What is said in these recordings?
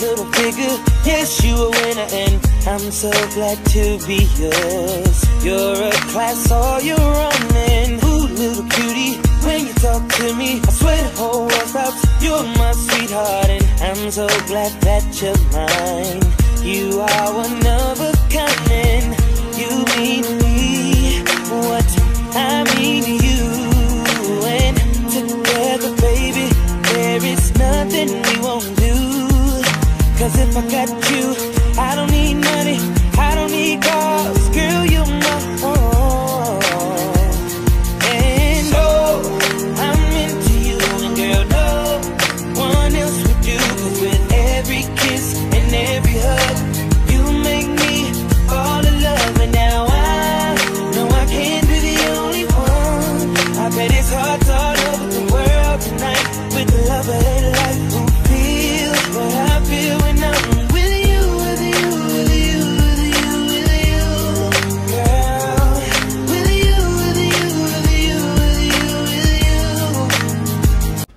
little figure Yes, you a winner I'm so glad to be yours You're a class all you're running Ooh, little cutie, when you talk to me I swear the whole world stops You're my sweetheart and I'm so glad that you're mine You are one of a You mean me What I mean Cause if I got you, I don't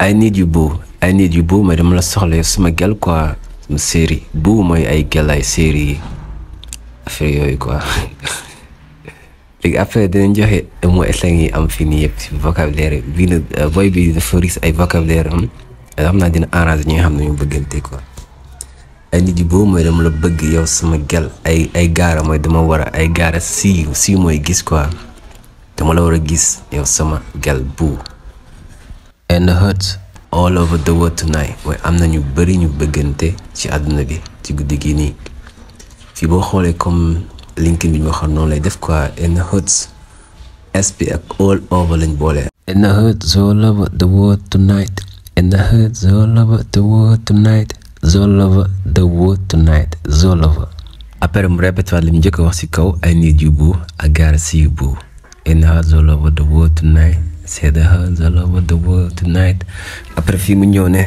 ay need you boo ay need you boo mooy dama la soxla suma gel quoi sama série boo mooy ay gel ay série yi affaire yooyu quoi léegi après dinañ joxe mots slang yi am fii yëpp si vocabulaire bii na euh, boy bi dafa riis ay vocabulaire am euh, xam naa dina arranger ñi nga xam ne ñu bëggante quoi ay nit yu boobu mooy dama la bëgg yow sama gel ay ay gaara mooy dama war a ay gaara siiw siiw mooy gis quoi dama la war a gis yow sama gel bu and hurts all over the world tonight mooy am na ñu bëri ñu bëggante ci àdduna bi ci guddi gi nii fii boo xoolee comme LinkedIn bi ñu noonu lay def quoi and hurts sp ak all over lañ boole. and hurts all over the world tonight and hurts all over the world tonight après mu répété waat li mu njëkk a wax ci kaw ay niit yu boo ak gotta see you boo and say the hands all over tonight après fii mu ñëw ne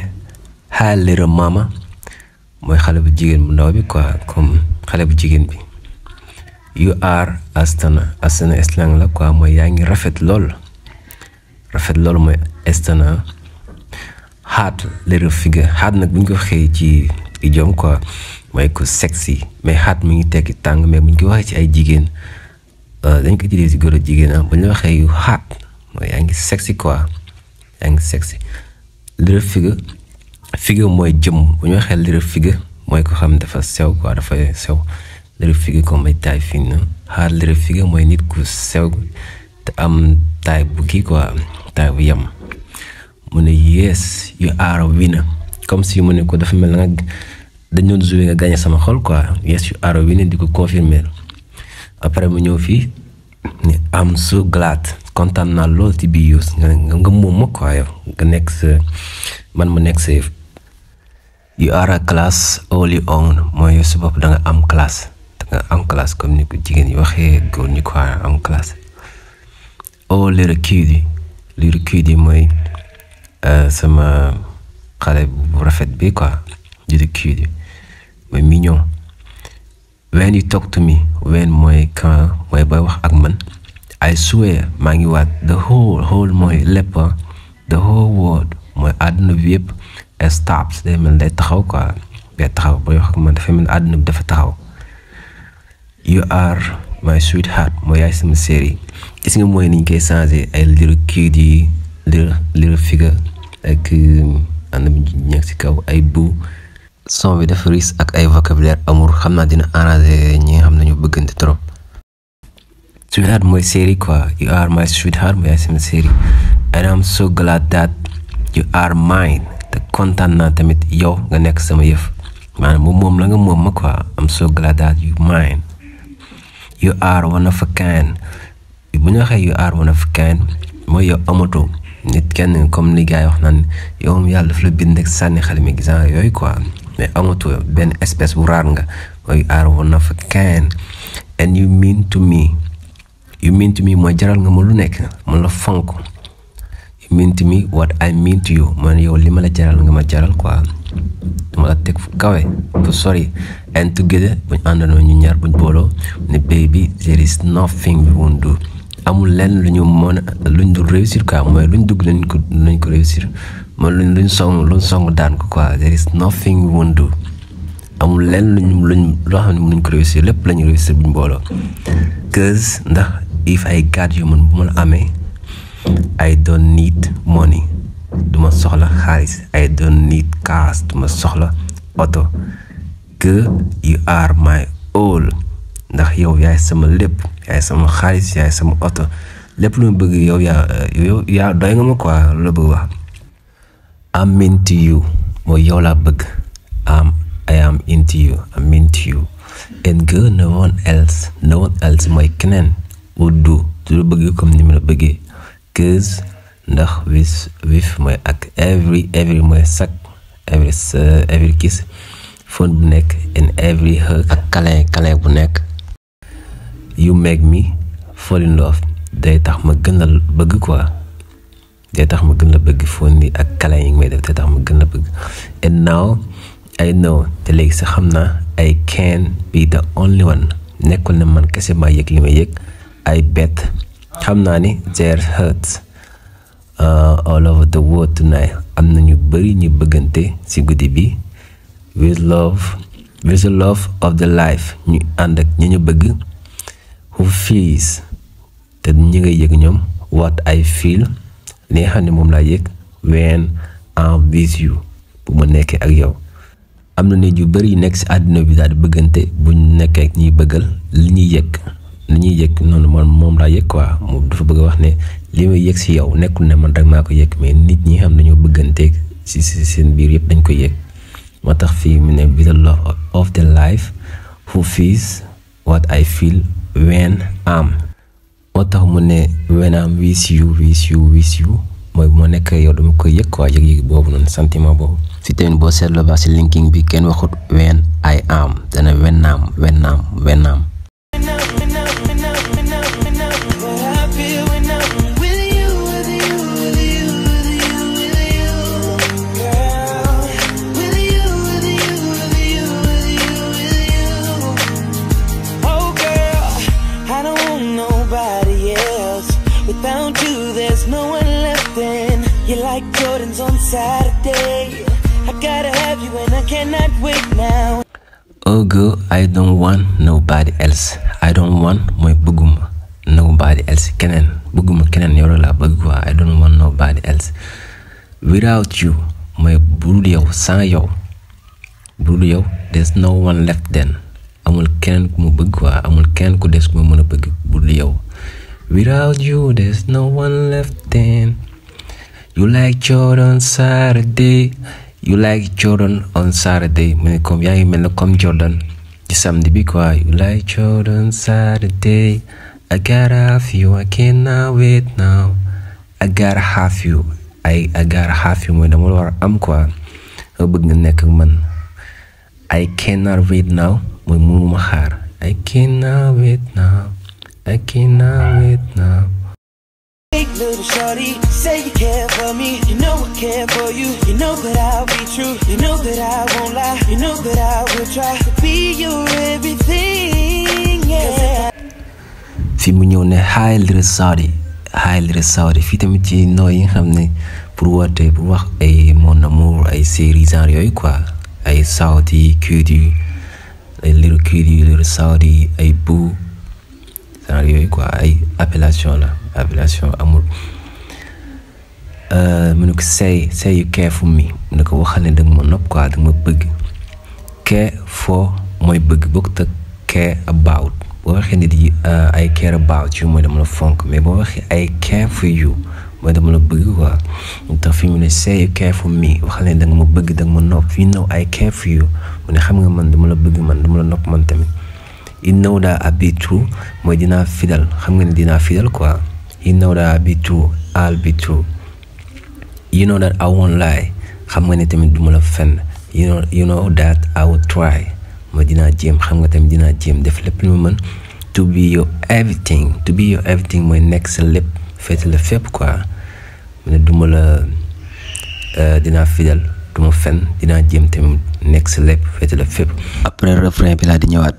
hi little mama mooy xale bu jigéen bu ndaw bi quoi comme xale bu jigéen bi you are astana astana slang la quoi mooy yaa ngi rafet lool rafet lool mooy astana hot little figure hot nag bu ñu ko xëy ci idiom quoi mooy ko sexy mais hot mi ngi tekki tàng mais bu ñu ko waxee ci ay jigéen euh, dañ ko jëlee si góor jigéen ah bu ñu la waxee mooy yaa ngi sexy quoi yaa ngi sexy little figure figure mooy jëm bu ñu xel little figure mooy ko xam dafa sew quoi dafa sew little figure comme may taay fii noonu xaar little figure mooy nit ku sew te am taay bu kii quoi taay bu yem mu ne yes yu are a winner comme si mu ne ko dafa mel na nga dañ doon joué nga gagné sama xol quoi yes yu are a winner di ko confirmer après mu ñëw fii. ne am su glad kontaan na lool ci biir Youssou nga nga moom ma nga nekk man ma nekk sa yëf you a class only own mooy su bopp da nga am classe da am classe comme ni jigéen yi waxee góor ñi quoi am classe oh little mooy euh, sama xale bu rafet bi quoi little cutie mooy mignon when you talk to me when mooy quand mooy booy wax ak man I swear maa ngi waat the whole whole mooy lépp the whole world mooy àdduna bi yëpp stops day man day taxaw quoi day taxaw booy wax ak man dafa mel àdduna bi dafa taxaw yu ar my sweetheart mooy yaay sama série gis nga mooy niñ koy changé ay liru kii di liru liru figure ak um, ànd bi ñu ci kaw ay bu son bi dafa riis ak ay vocabulaire amul xam naa dina arranger ñi xam ne ñu bëggante trop. sweetheart mooy série quoi you are my sweetheart mooy sama série and I'm so glad that you are mine te kontaan naa tamit yow nga nekk sama yëf maanaam moom moom la nga moom ma quoi I'm so glad that yu mine you are one of a kind bu ñu waxee you are one mooy yow amatoo nit kenn comme li gars yi wax naan yow moom yàlla daf la bind ak sànni xale mi gis yooyu quoi. mais amatoo benn espèce bu raar nga mooy are one of a kind and you mean to me you mean to me mooy jaral nga ma lu nekk ma la fonk you mean to me what I mean to you man yow li ma la jaral nga ma jaral quoi dama la teg fu kawe fu sori and together buñ àndandoo ñu ñaar buñ booloo ne baby there is nothing we won't do amul lenn lu ñu mën luñ dul réussir quoi mooy luñ dugg nañ ko nañ ko réussir mooy luñ luñ song luñ song daan ko quoi there is nothing we won't do amul lenn luñ luñ loo xam ne mënuñ ko réussir lépp lañu réussir buñ mbooloo cause ndax if ay garde yu man bu ma la amee ay don't need money duma soxla xaalis I don't need cars duma soxla oto que you are my all ndax yow yaay sama lépp yaay sama xaalis yaay sama oto lépp lu ma bëgg yow yaa yow nga ma quoi loolu bëgg wax am into you mooy yow laa bëgg am I am into you am into you and girl no one else no one else mooy keneen would do du la bëgg comme ni mu la bëggee cause ndax with mooy ak every every mooy sac every kiss phone bu nekk and every hug ak câlin câlin bu nekk you make mi fall in love day tax ma gën la bëgg quoi day tax ma gën la bëgg fondi ak kala yi may def day tax ma gën la bëgg and now I know te léegi sax xam naa ay can be the only one nekkul ne man kese maa yëg li may yëg ay bet xam naa ni there hurts uh, all over the world tonight am na ñu bëri ñu bëggante si guddi bi with love with love of the life ñu ànd ak ñi ñu bëgg who feels te ñi ngay yëg ñoom what I feel li nga xam ne moom laa yëg when I'm with you bu ma nekkee ak yow am na nit yu bari yu nekk ci àddina bi daal di bëggante buñ nekkee ñuy bëggal li ñuy yëg li ñuy yëg noonu man moom laa yëg quoi moom dafa bëgg wax ne li may yëg si yow nekkul ne man rek maa ko yëg mais nit ñi xam dañoo bëgganteeg si si seen biir yëpp dañ ko yëg moo tax fii mu ne with the love of the life who feels what I feel when am moo tax mu ne when am with you with you with mooy bu ma nekk yow dama koy yëg quoi yëg-yëg boobu noonu sentiment boobu si boo seetloo baax si linking bi kenn waxut when I am dana when am when Saturday. I gotta have you and I cannot wait now. Oh, mooy bëgguma nobody else keneen bëgguma keneen bëgg quoi I don't want nobody else. Without yow sans yow budul yow there's no one left then amul keneen ku bëgg quoi amul keneen ku des ku ma mën a bëgg budul yow. Without you there's no one left then. you like Jordan Saturday you like Jordan on Saturday mu ne comme yaa ngi mel na comme Jordan ci samedi bi quoi you like Jordan Saturday I gotta have you I cannot wait now mooy dama war a am quoi nga bëgg nga nekk ak man I cannot wait now mooy mënuma xaar I cannot wait now little shorty. Say you care for me, fi mu ñëw ne hi little shorty tamit ci nooy yi nga xam ne pour woote pour wax ay mon amour ay série genre yooyu quoi ay saudi cute ay little cute yi little ay boo genre yooyu ay appellation la ablation amul euh, mu ne ko say sayu keefu mi mu ne ko waxal ne danga ma nopp quoi dama ma bëgg kee mooy bëgg bokkut ak care about boo waxee nit yi ay euh, care about yu mooy dama la fonk mais boo ay care for you mooy dama la bëgg quoi tax fi mu ne say you care for me waxal ne danga ma bëgg danga ma nopp fii know ay care for you mu ne xam nga man dama la bëgg man dama la nopp man tamit you know that I mooy dinaa fidèle xam nga ni dinaa fidèle quoi you know that I be true xam nga ne tamit du ma la fen you know you that I will try ma dinaa jéem xam nga tamit dinaa jéem def lépp lu mën to be your everything to be your everything nekk sa lépp féete la fépp quoi mu ne du ma la euh, dinaa fidèle du fen fenn dinaa jéem tamit nekk sa lépp féete la fépp. après refrain bi laa di ñëwaat.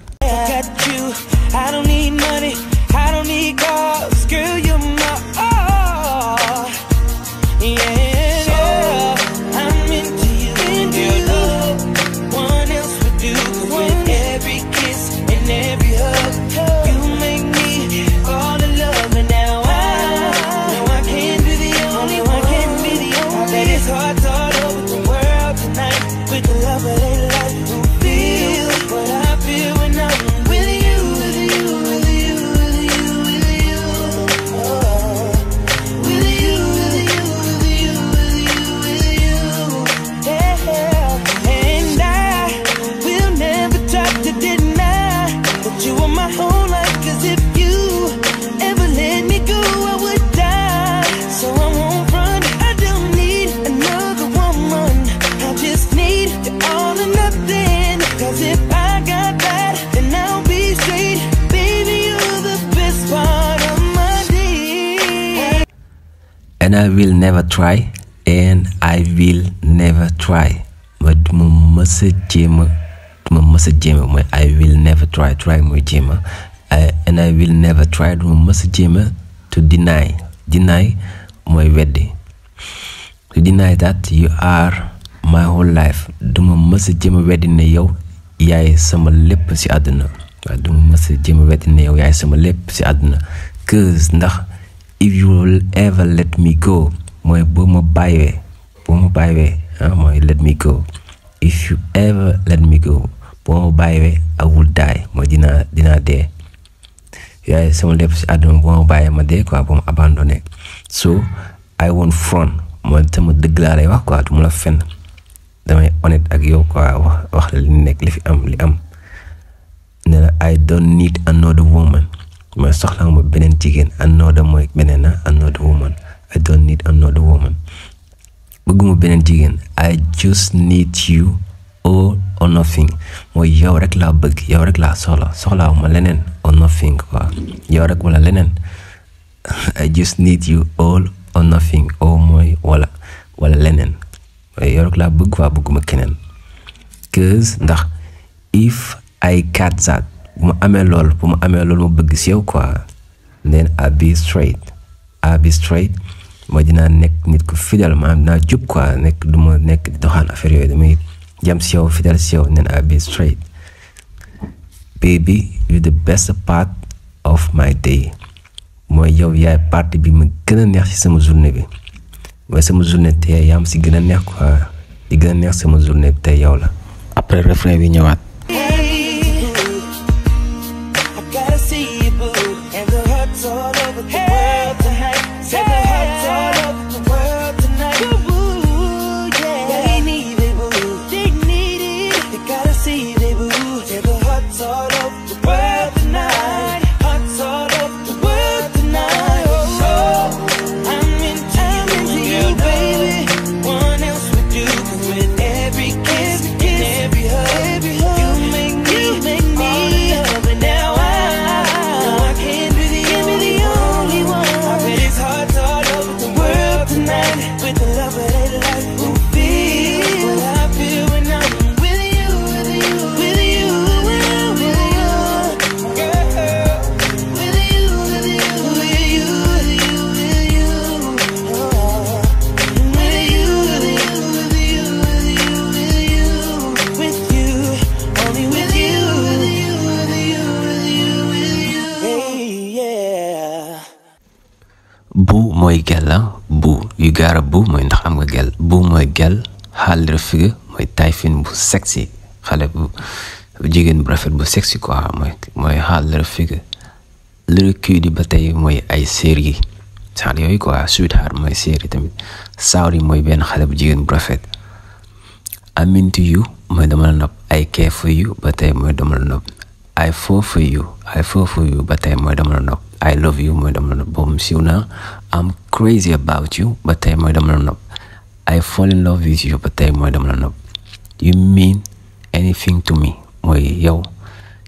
will never try and I will never try mooy I will never try try mooy jéem a and I will to deny deny mooy weddi to deny that you are my whole life du ma mës weddi ne yow yaay sama lépp ci àdduna waaw du ma mës weddi ne yow yaay sama lépp ci àdduna ndax. if you will ever let me go mooy boo ma bàyyee boo ma bàyyee ah, mooy let me go if you ever let me go boo ma bàyyee I will die mooy dinaa dinaa dee yaay sama lépp si àdduna boo ma bàyyee ma dee quoi boo ma abandonné so I won't front mooy sama dëgg laa wax ko du ma la fenn damay honnête ak yow quoi wax la li nekk li fi am li am ne la I don't need another woman mooy soxla ma beneen jigéen another mooy beneen ah another woman I don't woman bëgguma beneen jigéen I just need you all or nothing mooy yow rek laa bëgg yow rek laa soxla soxlaawuma leneen or nothing yow rek wala leneen I just need you all or wala wala leneen mooy yow rek laa bëgg waa bëgguma keneen cause ndax if I got that bu ma amee lool bu ma amee lool bëgg si yow quoi then I'll be straight I'll straight mooy dinaa nekk nit ku fidèle maanaam dinaa jub quoi nekk du ma nekk di doxaan affaire yooyu damay jam si yow fidèle si yow then I'll be straight baby you the best part of my day mooy yow yaay partie bi ma gën a neex si sama journée bi mooy sama journée te yaam si gën a neex quoi di gën a neex sama journée bi tey yow la après refrain bi ñëwaat jigéen bu rafet bu sexy quoi mooy mooy xaal leur figure leur cuir ba tey mooy ay série genre yooyu quoi sweetheart mooy série tamit Saori mooy benn xale bu jigéen bu rafet aminti yu mooy dama la nopp ay keefu yu ba tey mooy dama la nopp ay foofu yu ba tey mooy dama la nopp I love you mooy dama la nopp boobu siiw na am crazy about you ba tey mooy dama la nopp I fall in love with you ba tey mooy dama la nopp you mean anything to me mooy yow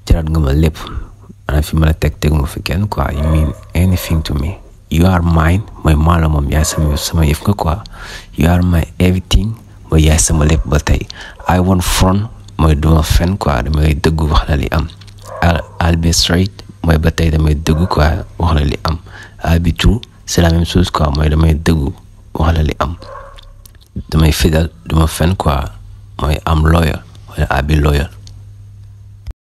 jaral nga ma lépp maanaam fi ma la teg tegu ma fi kenn quoi you mean anything to me you are mine mooy maa la moom yaay sama sama yëf nga quoi you are my everything mooy yaay sama lépp ba tey I want front mooy duma fen quoi damay dëggu wax la li am I'll mooy ba tey damay dëggu quoi wax la li am I'll be true c'est la même chose quoi mooy damay dëggu wax li am damay fidèle duma fen quoi mooy am loyal wala I'll